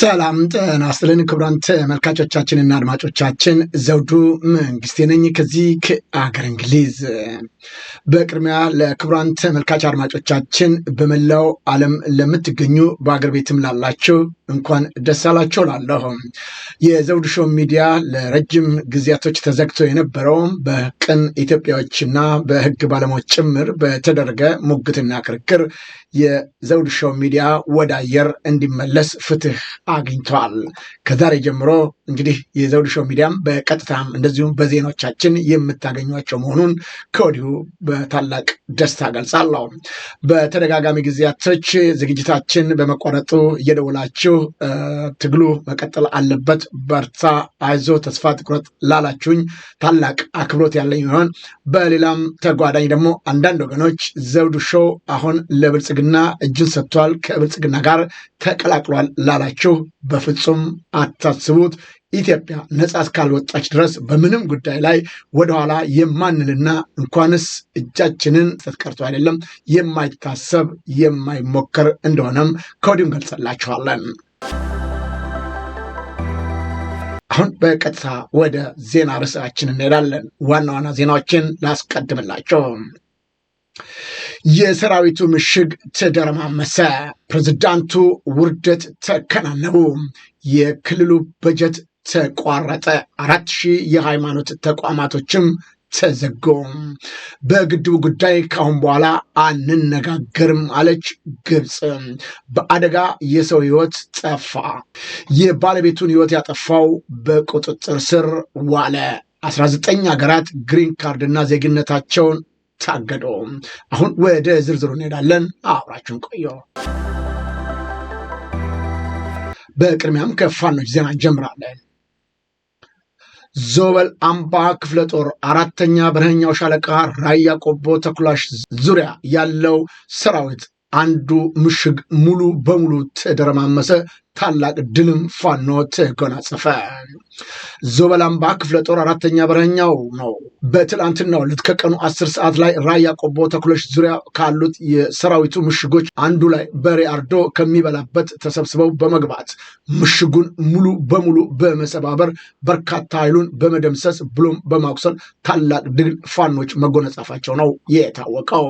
ሰላም ጤና ይስጥልን ክቡራን ተመልካቾቻችንና አድማጮቻችን ዘውዱ መንግስቴ ነኝ ከዚህ ከአገር እንግሊዝ። በቅድሚያ ለክቡራን ተመልካች አድማጮቻችን በመላው ዓለም ለምትገኙ በአገር ቤትም ላላችሁ እንኳን ደስ አላችሁ ላለሁ የዘውዱ ሾው ሚዲያ ለረጅም ጊዜያቶች ተዘግቶ የነበረው በቅን ኢትዮጵያዎችና በህግ ባለሙያዎች ጭምር በተደረገ ሙግትና ክርክር የዘውዱ ሾው ሚዲያ ወደ አየር እንዲመለስ ፍትህ አግኝቷል። ከዛሬ ጀምሮ እንግዲህ የዘውዱ ሾው ሚዲያም በቀጥታም እንደዚሁም በዜናዎቻችን የምታገኟቸው መሆኑን ከወዲሁ በታላቅ ደስታ ገልጻለሁ። በተደጋጋሚ ጊዜያቶች ዝግጅታችን በመቋረጡ እየደወላችሁ ትግሉ መቀጠል አለበት፣ በርታ፣ አይዞ፣ ተስፋ ትኩረት ላላችሁኝ ታላቅ አክብሮት ያለኝ ይሆን። በሌላም ተጓዳኝ ደግሞ አንዳንድ ወገኖች ዘውዱ ሾው አሁን ለብልጽግና እጁን ሰጥቷል፣ ከብልጽግና ጋር ተቀላቅሏል ላላችሁ በፍጹም አታስቡት። ኢትዮጵያ ነጻ እስካልወጣች ድረስ በምንም ጉዳይ ላይ ወደኋላ የማንልና እንኳንስ እጃችንን ስትቀርቶ አይደለም የማይታሰብ የማይሞከር እንደሆነም ከወዲሁም ገልጸላችኋለን። አሁን በቀጥታ ወደ ዜና ርዕሳችን እንሄዳለን። ዋና ዋና ዜናዎችን ላስቀድምላቸው። የሰራዊቱ ምሽግ ተደረማመሰ፣ ፕሬዝዳንቱ ውርደት ተከናነቡ፣ የክልሉ በጀት ተቋረጠ። አራት ሺህ የሃይማኖት ተቋማቶችም ተዘጎም። በግድቡ ጉዳይ ከአሁን በኋላ አንነጋገርም አለች ግብፅ። በአደጋ የሰው ህይወት ጠፋ። የባለቤቱን ህይወት ያጠፋው በቁጥጥር ስር ዋለ። 19 ሀገራት ግሪን ካርድና ዜግነታቸውን ታገዶ። አሁን ወደ ዝርዝሩ እንሄዳለን። አብራችሁን ቆዩ። በቅድሚያም ከፋኖች ዜና እንጀምራለን። ዞበል አምባ ክፍለ ጦር አራተኛ በረኛው ሻለቃ ራያ ቆቦ ተኩላሽ ዙሪያ ያለው ሰራዊት አንዱ ምሽግ ሙሉ በሙሉ ተደረማመሰ። ታላቅ ድልም ፋኖ ተጎናጸፈ። ዞበላምባ ክፍለ ጦር አራተኛ በረኛው ነው። በትላንትናው ዕለት ከቀኑ አስር ሰዓት ላይ ራያ ቆቦ ተኩሎች ዙሪያ ካሉት የሰራዊቱ ምሽጎች አንዱ ላይ በሬ አርዶ ከሚበላበት ተሰብስበው በመግባት ምሽጉን ሙሉ በሙሉ በመሰባበር በርካታ ኃይሉን በመደምሰስ ብሎም በማቁሰል ታላቅ ድል ፋኖች መጎናጸፋቸው ነው የታወቀው።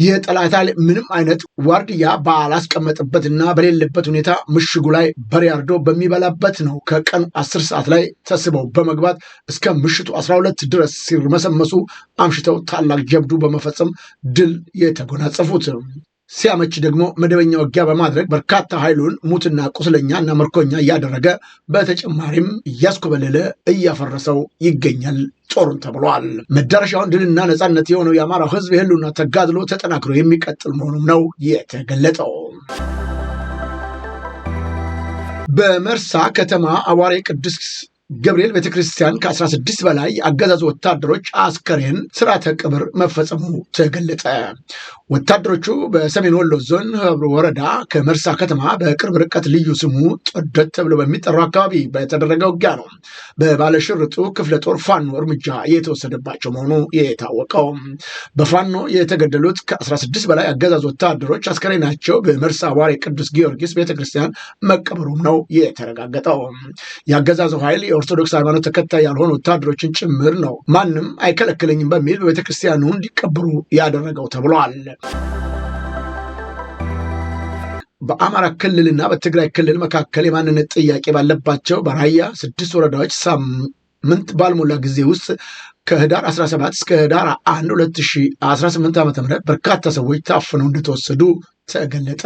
ይህ ጠላት ኃይል ምንም አይነት ዋርድያ ባላስቀመጠበትና በሌለበት ሁኔታ ምሽጉ ላይ በሪያርዶ በሚበላበት ነው ከቀኑ አስር ሰዓት ላይ ተስበው በመግባት እስከ ምሽቱ አስራ ሁለት ድረስ ሲርመሰመሱ አምሽተው ታላቅ ጀብዱ በመፈጸም ድል የተጎናጸፉት። ሲያመች ደግሞ መደበኛ ውጊያ በማድረግ በርካታ ኃይሉን ሙትና ቁስለኛ እና ምርኮኛ እያደረገ በተጨማሪም እያስኮበለለ እያፈረሰው ይገኛል ጦሩን ተብሏል። መዳረሻውን ድልና ነፃነት የሆነው የአማራው ህዝብ የህልውና ተጋድሎ ተጠናክሮ የሚቀጥል መሆኑም ነው የተገለጠው። በመርሳ ከተማ አዋሬ ቅዱስ ገብርኤል ቤተክርስቲያን ከ16 በላይ አገዛዙ ወታደሮች አስከሬን ስርዓተ ቅብር መፈጸሙ ተገለጠ። ወታደሮቹ በሰሜን ወሎ ዞን ህብሩ ወረዳ ከመርሳ ከተማ በቅርብ ርቀት ልዩ ስሙ ጦደት ተብሎ በሚጠራው አካባቢ በተደረገ ውጊያ ነው በባለሽርጡ ክፍለ ጦር ፋኖ እርምጃ የተወሰደባቸው መሆኑ የታወቀው። በፋኖ የተገደሉት ከ16 በላይ አገዛዝ ወታደሮች አስከሬናቸው በመርሳ ዋሬ ቅዱስ ጊዮርጊስ ቤተክርስቲያን መቀበሩም ነው የተረጋገጠው። የአገዛዙ ኃይል የኦርቶዶክስ ሃይማኖት ተከታይ ያልሆኑ ወታደሮችን ጭምር ነው ማንም አይከለክለኝም በሚል በቤተክርስቲያኑ እንዲቀብሩ ያደረገው ተብሏል። በአማራ ክልልና በትግራይ ክልል መካከል የማንነት ጥያቄ ባለባቸው በራያ ስድስት ወረዳዎች ሳምንት ባልሞላ ጊዜ ውስጥ ከህዳር 17 እስከ ህዳር 1 2018 ዓ ም በርካታ ሰዎች ታፍነው እንደተወሰዱ ተገለጠ።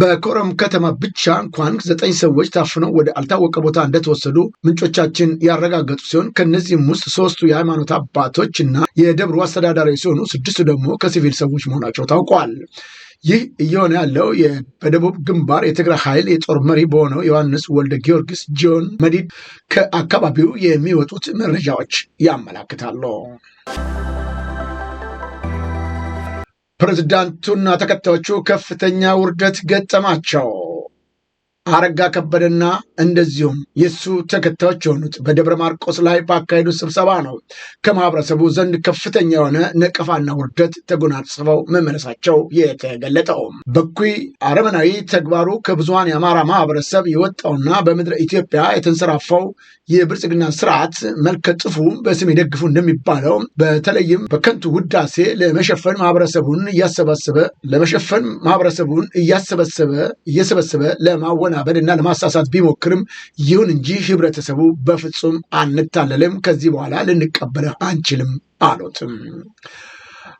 በኮረም ከተማ ብቻ እንኳን ዘጠኝ ሰዎች ታፍነው ወደ አልታወቀ ቦታ እንደተወሰዱ ምንጮቻችን ያረጋገጡ ሲሆን ከነዚህም ውስጥ ሶስቱ የሃይማኖት አባቶች እና የደብሩ አስተዳዳሪ ሲሆኑ ስድስቱ ደግሞ ከሲቪል ሰዎች መሆናቸው ታውቋል። ይህ እየሆነ ያለው በደቡብ ግንባር የትግራይ ኃይል የጦር መሪ በሆነው ዮሐንስ ወልደ ጊዮርጊስ ጆን መዲድ ከአካባቢው የሚወጡት መረጃዎች ያመላክታሉ። ፕሬዝዳንቱና ተከታዮቹ ከፍተኛ ውርደት ገጠማቸው። አረጋ ከበደና እንደዚሁም የሱ ተከታዮች የሆኑት በደብረ ማርቆስ ላይ ባካሄዱት ስብሰባ ነው ከማህበረሰቡ ዘንድ ከፍተኛ የሆነ ነቀፋና ውርደት ተጎናጽፈው መመለሳቸው የተገለጠው። በኩይ አረመናዊ ተግባሩ ከብዙሃን የአማራ ማህበረሰብ የወጣውና በምድረ ኢትዮጵያ የተንሰራፋው የብልጽግና ስርዓት መልከ ጥፉ በስም ይደግፉ እንደሚባለው በተለይም በከንቱ ውዳሴ ለመሸፈን ማህበረሰቡን እያሰባሰበ ለመሸፈን ማህበረሰቡን እያሰበሰበ እየሰበሰበ ለማወና ለማደናበል እና ለማሳሳት ቢሞክርም ይሁን እንጂ ህብረተሰቡ በፍጹም አንታለልም፣ ከዚህ በኋላ ልንቀበልህ አንችልም አሉትም።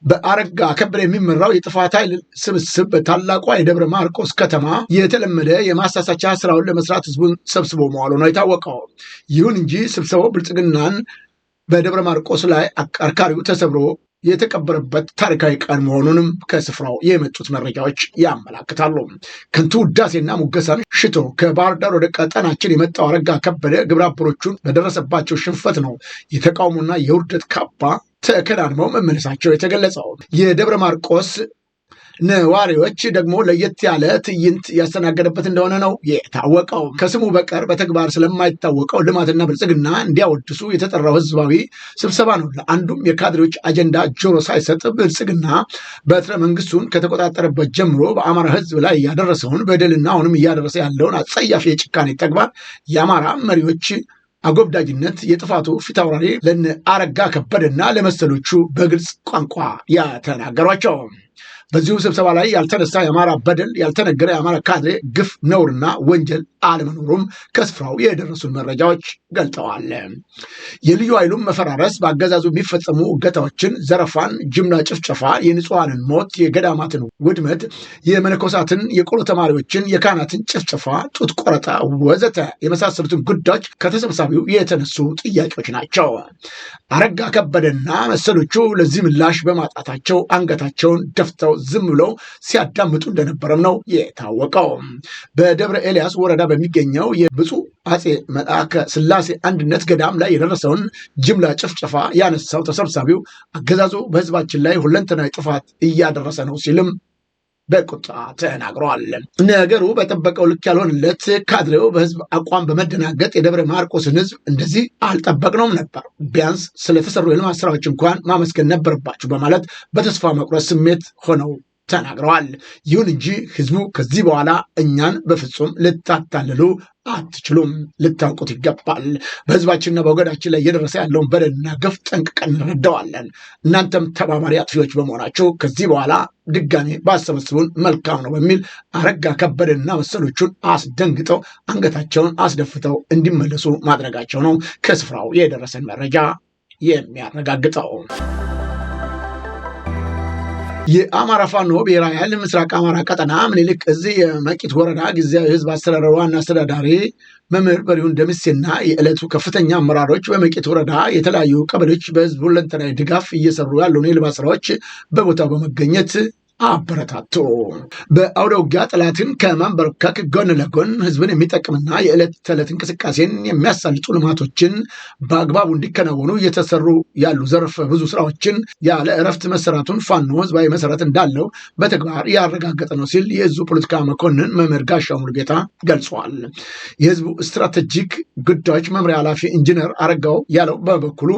በአረጋ ከበደ የሚመራው የጥፋት ኃይል ስብስብ በታላቋ የደብረ ማርቆስ ከተማ የተለመደ የማሳሳቻ ስራውን ለመስራት ህዝቡን ሰብስቦ መዋሉ ነው የታወቀው። ይሁን እንጂ ስብሰባው ብልጽግናን በደብረ ማርቆስ ላይ አከርካሪው ተሰብሮ የተቀበረበት ታሪካዊ ቀን መሆኑንም ከስፍራው የመጡት መረጃዎች ያመላክታሉ። ከንቱ ውዳሴና ሙገሳን ሽቶ ከባህር ዳር ወደ ቀጠናችን የመጣው አረጋ ከበደ ግብረ በደረሰባቸው ሽንፈት ነው የተቃውሞና የውርደት ካባ ተከናንበው መመለሳቸው የተገለጸው። የደብረ ማርቆስ ነዋሪዎች ደግሞ ለየት ያለ ትዕይንት ያስተናገደበት እንደሆነ ነው የታወቀው። ከስሙ በቀር በተግባር ስለማይታወቀው ልማትና ብልጽግና እንዲያወድሱ የተጠራው ህዝባዊ ስብሰባ ነው። ለአንዱም የካድሬዎች አጀንዳ ጆሮ ሳይሰጥ ብልጽግና በትረ መንግስቱን ከተቆጣጠረበት ጀምሮ በአማራ ህዝብ ላይ እያደረሰውን በደልና አሁንም እያደረሰ ያለውን አጸያፊ የጭካኔ ተግባር የአማራ መሪዎች አጎብዳጅነት የጥፋቱ ፊታውራሪ ለነ አረጋ ከበደና ለመሰሎቹ በግልጽ ቋንቋ ያተናገሯቸው በዚሁ ስብሰባ ላይ ያልተነሳ የአማራ በደል ያልተነገረ የአማራ ካድሬ ግፍ ነውርና ወንጀል አለመኖሩም ከስፍራው የደረሱን መረጃዎች ገልጠዋል። የልዩ ኃይሉም መፈራረስ በአገዛዙ የሚፈጸሙ እገታዎችን፣ ዘረፋን፣ ጅምላ ጭፍጨፋ፣ የንጹሐንን ሞት፣ የገዳማትን ውድመት፣ የመነኮሳትን፣ የቆሎ ተማሪዎችን፣ የካህናትን ጭፍጨፋ፣ ጡት ቆረጣ ወዘተ የመሳሰሉትን ጉዳዮች ከተሰብሳቢው የተነሱ ጥያቄዎች ናቸው። አረጋ ከበደና መሰሎቹ ለዚህ ምላሽ በማጣታቸው አንገታቸውን ደፍተው ዝም ብለው ሲያዳምጡ እንደነበረም ነው የታወቀው። በደብረ ኤልያስ ወረዳ በሚገኘው የብፁዕ አፄ መልአከ ስላሴ አንድነት ገዳም ላይ የደረሰውን ጅምላ ጭፍጨፋ ያነሳው ተሰብሳቢው አገዛዙ በህዝባችን ላይ ሁለንተናዊ ጥፋት እያደረሰ ነው ሲልም በቁጣ ተናግረዋል። ነገሩ በጠበቀው ልክ ያልሆንለት ካድሬው በህዝብ አቋም በመደናገጥ የደብረ ማርቆስን ህዝብ እንደዚህ አልጠበቅነውም ነበር፣ ቢያንስ ስለተሰሩ የልማት ስራዎች እንኳን ማመስገን ነበረባችሁ በማለት በተስፋ መቁረጥ ስሜት ሆነው ተናግረዋል። ይሁን እንጂ ህዝቡ ከዚህ በኋላ እኛን በፍጹም ልታታልሉ አትችሉም፣ ልታውቁት ይገባል። በህዝባችንና በወገዳችን ላይ እየደረሰ ያለውን በደልና ገፍ ጠንቅቀን እንረዳዋለን። እናንተም ተባባሪ አጥፊዎች በመሆናቸው ከዚህ በኋላ ድጋሜ ባሰበስቡን መልካም ነው በሚል አረጋ ከበደና መሰሎቹን አስደንግጠው አንገታቸውን አስደፍተው እንዲመለሱ ማድረጋቸው ነው ከስፍራው የደረሰን መረጃ የሚያረጋግጠው። የአማራ ፋኖ ብሔራዊ ኃይል ምስራቅ አማራ ቀጠና ምኒልክ እዚህ የመቂት ወረዳ ጊዜያዊ ህዝብ አስተዳደር ዋና አስተዳዳሪ መምህር በሪሁን ደምሴና የዕለቱ ከፍተኛ አመራሮች በመቂት ወረዳ የተለያዩ ቀበሌዎች በህዝብ ሁለንተናዊ ድጋፍ እየሰሩ ያለውን የልማት ስራዎች በቦታው በመገኘት አበረታቶ በአውደ ውጊያ ጠላትን ከማንበርከክ ጎን ለጎን ህዝብን የሚጠቅምና የዕለት ተዕለት እንቅስቃሴን የሚያሳልጡ ልማቶችን በአግባቡ እንዲከናወኑ እየተሰሩ ያሉ ዘርፈ ብዙ ስራዎችን ያለ እረፍት መሰራቱን ፋኖ ህዝባዊ መሰረት እንዳለው በተግባር ያረጋገጠ ነው ሲል የህዝቡ ፖለቲካ መኮንን መምህር ጋሻው ሙሉጌታ ገልጿል። የህዝቡ ስትራቴጂክ ጉዳዮች መምሪያ ኃላፊ ኢንጂነር አረጋው ያለው በበኩሉ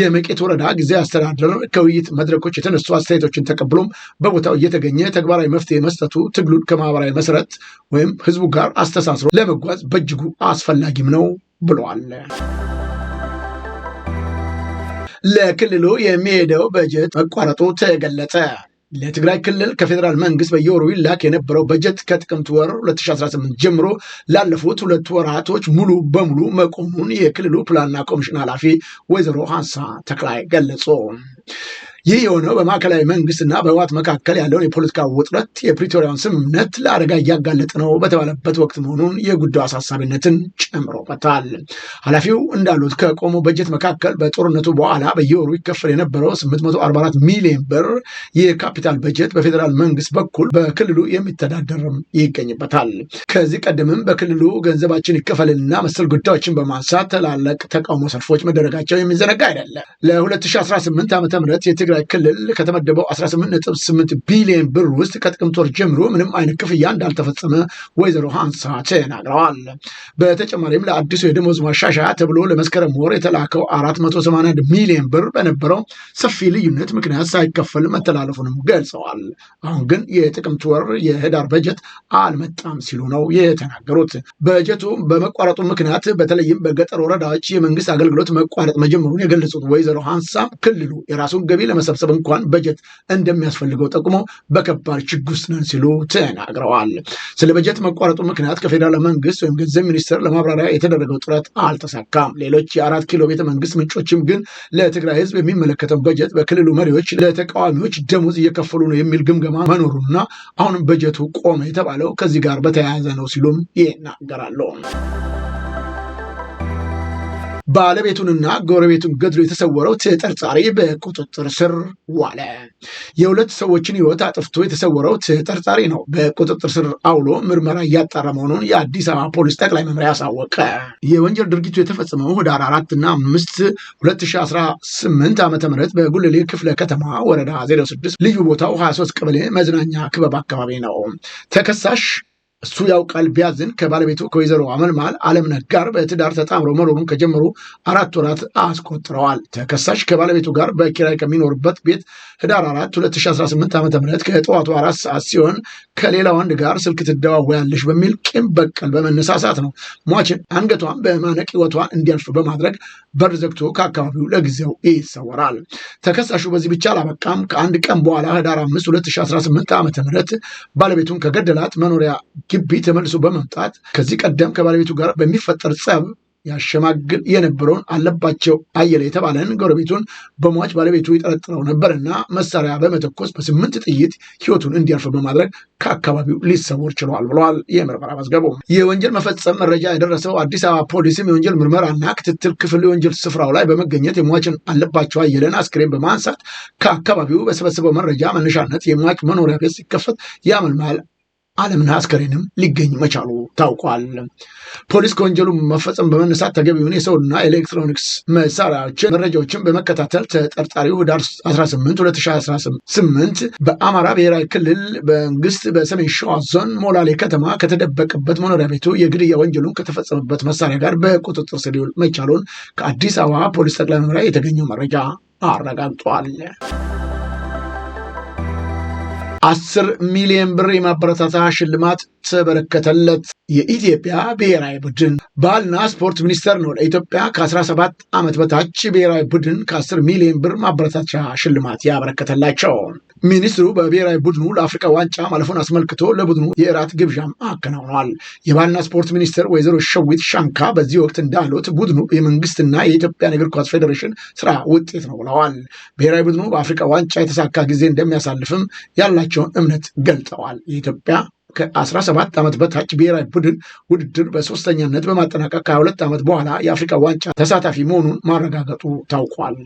የመቄት ወረዳ ጊዜ አስተዳደር ከውይይት መድረኮች የተነሱ አስተያየቶችን ተቀብሎም በቦታው እየተገኘ ተግባራዊ መፍትሄ መስጠቱ ትግሉን ከማህበራዊ መሰረት ወይም ህዝቡ ጋር አስተሳስሮ ለመጓዝ በእጅጉ አስፈላጊም ነው ብለዋል። ለክልሉ የሚሄደው በጀት መቋረጡ ተገለጸ። ለትግራይ ክልል ከፌዴራል መንግስት በየወሩ ይላክ የነበረው በጀት ከጥቅምት ወር 2018 ጀምሮ ላለፉት ሁለት ወራቶች ሙሉ በሙሉ መቆሙን የክልሉ ፕላንና ኮሚሽን ኃላፊ ወይዘሮ ሀንሳ ተክላይ ገለጹ። ይህ የሆነው በማዕከላዊ መንግስትና በህወሓት መካከል ያለውን የፖለቲካ ውጥረት የፕሪቶሪያውን ስምምነት ለአደጋ እያጋለጠ ነው በተባለበት ወቅት መሆኑን የጉዳዩ አሳሳቢነትን ጨምሮበታል። ኃላፊው እንዳሉት ከቆመው በጀት መካከል በጦርነቱ በኋላ በየወሩ ይከፈል የነበረው 844 ሚሊዮን ብር የካፒታል በጀት በፌዴራል መንግስት በኩል በክልሉ የሚተዳደርም ይገኝበታል። ከዚህ ቀደምም በክልሉ ገንዘባችን ይከፈልና መሰል ጉዳዮችን በማንሳት ትላልቅ ተቃውሞ ሰልፎች መደረጋቸው የሚዘነጋ አይደለም። ለ2018 ዓ ም የትግራይ ክልል ከተመደበው 18.8 ቢሊዮን ብር ውስጥ ከጥቅምት ወር ጀምሮ ምንም አይነት ክፍያ እንዳልተፈጸመ ወይዘሮ ሀንሳ ተናግረዋል። በተጨማሪም ለአዲሱ የደሞዝ ማሻሻያ ተብሎ ለመስከረም ወር የተላከው 481 ሚሊዮን ብር በነበረው ሰፊ ልዩነት ምክንያት ሳይከፈል መተላለፉንም ገልጸዋል። አሁን ግን የጥቅምት ወር የህዳር በጀት አልመጣም ሲሉ ነው የተናገሩት። በጀቱ በመቋረጡ ምክንያት በተለይም በገጠር ወረዳዎች የመንግስት አገልግሎት መቋረጥ መጀመሩን የገለጹት ወይዘሮ ሀንሳ ክልሉ የራሱን ገቢ ለመ ለመሰብሰብ እንኳን በጀት እንደሚያስፈልገው ጠቁመው በከባድ ችግር ውስጥ ነን ሲሉ ተናግረዋል። ስለ በጀት መቋረጡ ምክንያት ከፌዴራል መንግስት ወይም ገንዘብ ሚኒስቴር ለማብራሪያ የተደረገው ጥረት አልተሳካም። ሌሎች የአራት ኪሎ ቤተ መንግስት ምንጮችም ግን ለትግራይ ህዝብ የሚመለከተው በጀት በክልሉ መሪዎች ለተቃዋሚዎች ደሞዝ እየከፈሉ ነው የሚል ግምገማ መኖሩና አሁንም በጀቱ ቆመ የተባለው ከዚህ ጋር በተያያዘ ነው ሲሉም ይናገራሉ። ባለቤቱንና ጎረቤቱን ገድሎ የተሰወረው ተጠርጣሪ በቁጥጥር ስር ዋለ። የሁለት ሰዎችን ህይወት አጥፍቶ የተሰወረው ተጠርጣሪ ነው በቁጥጥር ስር አውሎ ምርመራ እያጣራ መሆኑን የአዲስ አበባ ፖሊስ ጠቅላይ መምሪያ አሳወቀ። የወንጀል ድርጊቱ የተፈጸመው ህዳር አራት እና አምስት 2018 ዓ ም በጉልሌ ክፍለ ከተማ ወረዳ 06 ልዩ ቦታው 23 ቀበሌ መዝናኛ ክበብ አካባቢ ነው። ተከሳሽ እሱ ያውቃል ቢያዝን ከባለቤቱ ከወይዘሮ አመልማል አለምነህ ጋር በትዳር ተጣምሮ መኖሩን ከጀመሩ አራት ወራት አስቆጥረዋል። ተከሳሽ ከባለቤቱ ጋር በኪራይ ከሚኖርበት ቤት ህዳር አራት 2018 ዓ ም ከጠዋቱ አራት ሰዓት ሲሆን ከሌላ ወንድ ጋር ስልክ ትደዋወያለሽ በሚል ቂም በቀል በመነሳሳት ነው ሟችን አንገቷን በማነቅ ህይወቷን እንዲያልፍ በማድረግ በር ዘግቶ ከአካባቢው ለጊዜው ይሰወራል። ተከሳሹ በዚህ ብቻ አላበቃም። ከአንድ ቀን በኋላ ህዳር 5 2018 ዓ ም ባለቤቱን ከገደላት መኖሪያ ግቢ ተመልሶ በመምጣት ከዚህ ቀደም ከባለቤቱ ጋር በሚፈጠር ጸብ ያሸማግል የነበረውን አለባቸው አየለ የተባለን ጎረቤቱን በሟች ባለቤቱ ይጠረጥረው ነበርና መሳሪያ በመተኮስ በስምንት ጥይት ህይወቱን እንዲያልፍ በማድረግ ከአካባቢው ሊሰወር ችሏል ብለዋል የምርመራ መዝገቡ። የወንጀል መፈጸም መረጃ የደረሰው አዲስ አበባ ፖሊስም የወንጀል ምርመራና ክትትል ክፍል የወንጀል ስፍራው ላይ በመገኘት የሟችን አለባቸው አየለን አስክሬን በማንሳት ከአካባቢው በሰበሰበው መረጃ መነሻነት የሟች መኖሪያ ቤት ሲከፈት ያመልማል አለምን አስከሬንም ሊገኝ መቻሉ ታውቋል። ፖሊስ ከወንጀሉ መፈጸም በመነሳት ተገቢውን የሰውና ኤሌክትሮኒክስ መሳሪያዎችን መረጃዎችን በመከታተል ተጠርጣሪው ህዳር 18 2018 በአማራ ብሔራዊ ክልል መንግስት በሰሜን ሸዋ ዞን ሞላሌ ከተማ ከተደበቀበት መኖሪያ ቤቱ የግድያ ወንጀሉን ከተፈጸመበት መሳሪያ ጋር በቁጥጥር ስር ሊውል መቻሉን ከአዲስ አበባ ፖሊስ ጠቅላይ መምሪያ የተገኘው መረጃ አረጋግጧል። አስር ሚሊዮን ብር የማበረታታ ሽልማት ተበረከተለት። የኢትዮጵያ ብሔራዊ ቡድን ባህልና ስፖርት ሚኒስቴር ነው ለኢትዮጵያ ከ17 ዓመት በታች ብሔራዊ ቡድን ከ10 ሚሊዮን ብር ማበረታቻ ሽልማት ያበረከተላቸው። ሚኒስትሩ በብሔራዊ ቡድኑ ለአፍሪካ ዋንጫ ማለፉን አስመልክቶ ለቡድኑ የእራት ግብዣም አከናውኗል። የባህልና ስፖርት ሚኒስትር ወይዘሮ ሸዊት ሻንካ በዚህ ወቅት እንዳሉት ቡድኑ የመንግስትና የኢትዮጵያን እግር ኳስ ፌዴሬሽን ስራ ውጤት ነው ብለዋል። ብሔራዊ ቡድኑ በአፍሪካ ዋንጫ የተሳካ ጊዜ እንደሚያሳልፍም ያላቸው ያላቸውን እምነት ገልጠዋል። የኢትዮጵያ ከ17 ዓመት በታች ብሔራዊ ቡድን ውድድር በሶስተኛነት በማጠናቀቅ ከ22 ዓመት በኋላ የአፍሪካ ዋንጫ ተሳታፊ መሆኑን ማረጋገጡ ታውቋል።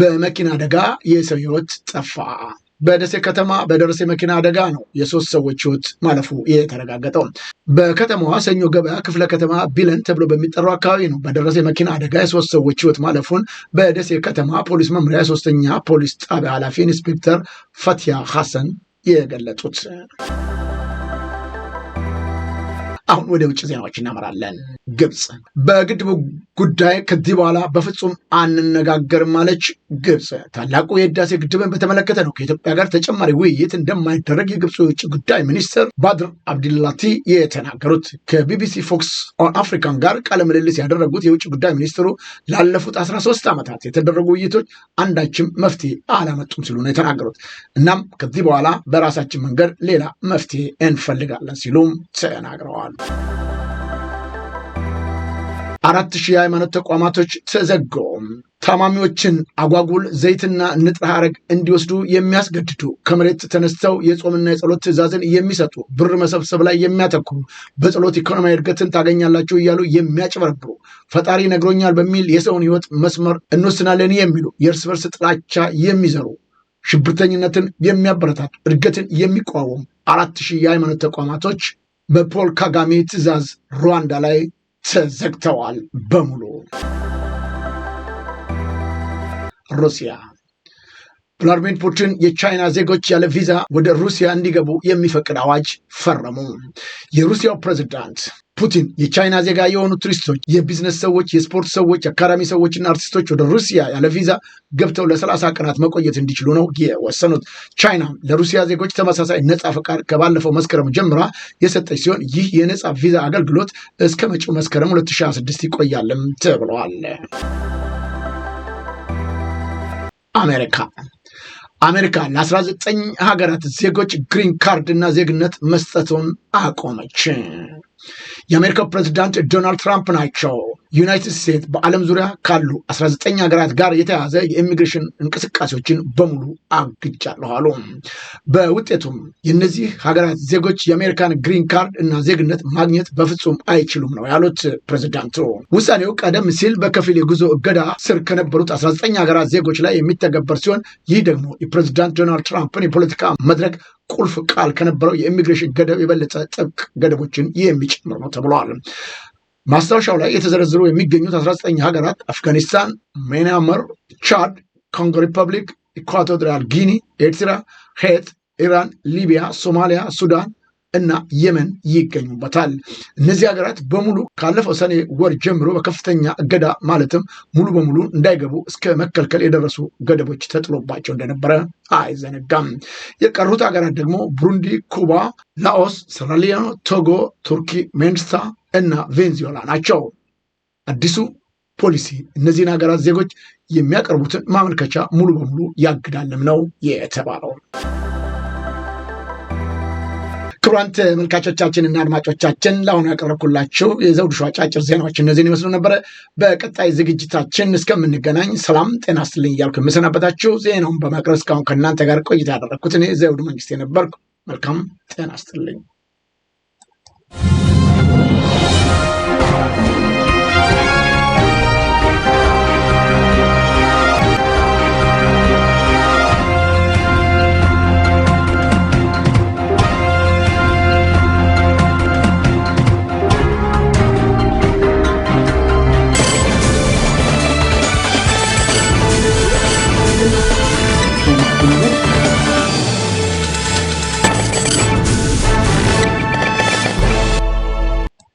በመኪና አደጋ የሰው ሕይወት ጠፋ። በደሴ ከተማ በደረሰ መኪና አደጋ ነው የሶስት ሰዎች ህይወት ማለፉ የተረጋገጠው። በከተማዋ ሰኞ ገበያ ክፍለ ከተማ ቢለን ተብሎ በሚጠራው አካባቢ ነው በደረሰ መኪና አደጋ የሶስት ሰዎች ህይወት ማለፉን በደሴ ከተማ ፖሊስ መምሪያ የሶስተኛ ፖሊስ ጣቢያ ኃላፊ ኢንስፔክተር ፈትያ ሐሰን የገለጡት አሁን ወደ ውጭ ዜናዎች እናመራለን። ግብፅ በግድቡ ጉዳይ ከዚህ በኋላ በፍጹም አንነጋገርም አለች። ግብፅ ታላቁ የህዳሴ ግድብን በተመለከተ ነው ከኢትዮጵያ ጋር ተጨማሪ ውይይት እንደማይደረግ የግብፅ የውጭ ጉዳይ ሚኒስትር ባድር አብዲላቲ የተናገሩት ከቢቢሲ ፎክስ ኦን አፍሪካን ጋር ቃለ ምልልስ ያደረጉት የውጭ ጉዳይ ሚኒስትሩ ላለፉት 13 ዓመታት የተደረጉ ውይይቶች አንዳችም መፍትሄ አላመጡም ሲሉ ነው የተናገሩት። እናም ከዚህ በኋላ በራሳችን መንገድ ሌላ መፍትሄ እንፈልጋለን ሲሉም ተናግረዋል። አራት ሺህ የሃይማኖት ተቋማቶች ተዘጎ ታማሚዎችን አጓጉል ዘይትና ንጥረ ሐረግ እንዲወስዱ የሚያስገድዱ ከመሬት ተነስተው የጾምና የጸሎት ትእዛዝን የሚሰጡ ብር መሰብሰብ ላይ የሚያተኩሩ በጸሎት ኢኮኖሚያዊ እድገትን ታገኛላችሁ እያሉ የሚያጭበረብሩ ፈጣሪ ነግሮኛል በሚል የሰውን ህይወት መስመር እንወስናለን የሚሉ የእርስ በርስ ጥላቻ የሚዘሩ ሽብርተኝነትን የሚያበረታቱ እድገትን የሚቋወሙ አራት ሺህ የሃይማኖት ተቋማቶች በፖል ካጋሜ ትዕዛዝ ሩዋንዳ ላይ ተዘግተዋል በሙሉ። ሩሲያ ቭላድሚር ፑቲን የቻይና ዜጎች ያለ ቪዛ ወደ ሩሲያ እንዲገቡ የሚፈቅድ አዋጅ ፈረሙ። የሩሲያው ፕሬዚዳንት ፑቲን የቻይና ዜጋ የሆኑ ቱሪስቶች፣ የቢዝነስ ሰዎች፣ የስፖርት ሰዎች፣ የአካዳሚ ሰዎችና አርቲስቶች ወደ ሩሲያ ያለ ቪዛ ገብተው ለሰላሳ ቀናት መቆየት እንዲችሉ ነው የወሰኑት። ቻይና ለሩሲያ ዜጎች ተመሳሳይ ነፃ ፈቃድ ከባለፈው መስከረም ጀምራ የሰጠች ሲሆን ይህ የነፃ ቪዛ አገልግሎት እስከ መጪው መስከረም 2026 ይቆያልም ተብለዋል። አሜሪካ አሜሪካ ለ19 ሀገራት ዜጎች ግሪን ካርድ እና ዜግነት መስጠቱን አቆመች። የአሜሪካው ፕሬዚዳንት ዶናልድ ትራምፕ ናቸው። ዩናይትድ ስቴትስ በዓለም ዙሪያ ካሉ 19 ሀገራት ጋር የተያዘ የኢሚግሬሽን እንቅስቃሴዎችን በሙሉ አግጃለሁ አሉ። በውጤቱም የእነዚህ ሀገራት ዜጎች የአሜሪካን ግሪን ካርድ እና ዜግነት ማግኘት በፍጹም አይችሉም ነው ያሉት ፕሬዚዳንቱ። ውሳኔው ቀደም ሲል በከፊል የጉዞ እገዳ ስር ከነበሩት 19 ሀገራት ዜጎች ላይ የሚተገበር ሲሆን ይህ ደግሞ የፕሬዚዳንት ዶናልድ ትራምፕን የፖለቲካ መድረክ ቁልፍ ቃል ከነበረው የኢሚግሬሽን ገደብ የበለጠ ጥብቅ ገደቦችን የሚጨምር ነው ተብሏል። ማስታወሻው ላይ የተዘረዘሩ የሚገኙት 19 ሀገራት አፍጋኒስታን፣ ሜንያመር፣ ቻድ፣ ኮንጎ ሪፐብሊክ፣ ኢኳቶሪያል ጊኒ፣ ኤርትራ፣ ሄት፣ ኢራን፣ ሊቢያ፣ ሶማሊያ፣ ሱዳን እና የመን ይገኙበታል። እነዚህ ሀገራት በሙሉ ካለፈው ሰኔ ወር ጀምሮ በከፍተኛ እገዳ ማለትም ሙሉ በሙሉ እንዳይገቡ እስከ መከልከል የደረሱ ገደቦች ተጥሎባቸው እንደነበረ አይዘነጋም። የቀሩት ሀገራት ደግሞ ቡሩንዲ፣ ኩባ፣ ላኦስ፣ ሰራሊዮን፣ ቶጎ፣ ቱርኪ ሜንስታ እና ቬንዙዌላ ናቸው። አዲሱ ፖሊሲ እነዚህን ሀገራት ዜጎች የሚያቀርቡትን ማመልከቻ ሙሉ በሙሉ ያግዳልም ነው የተባለው። ክቡራን ተመልካቾቻችንና አድማጮቻችን ለአሁኑ ያቀረብኩላችሁ የዘውዱ ሾው አጫጭር ዜናዎች እነዚህን ይመስሉ ነበረ። በቀጣይ ዝግጅታችን እስከምንገናኝ ሰላም ጤና ይስጥልኝ እያልኩ የምሰናበታችሁ ዜናውን በማቅረብ እስካሁን ከእናንተ ጋር ቆይታ ያደረግኩት እኔ ዘውዱ መንግስት የነበርኩ መልካም ጤና ስትልኝ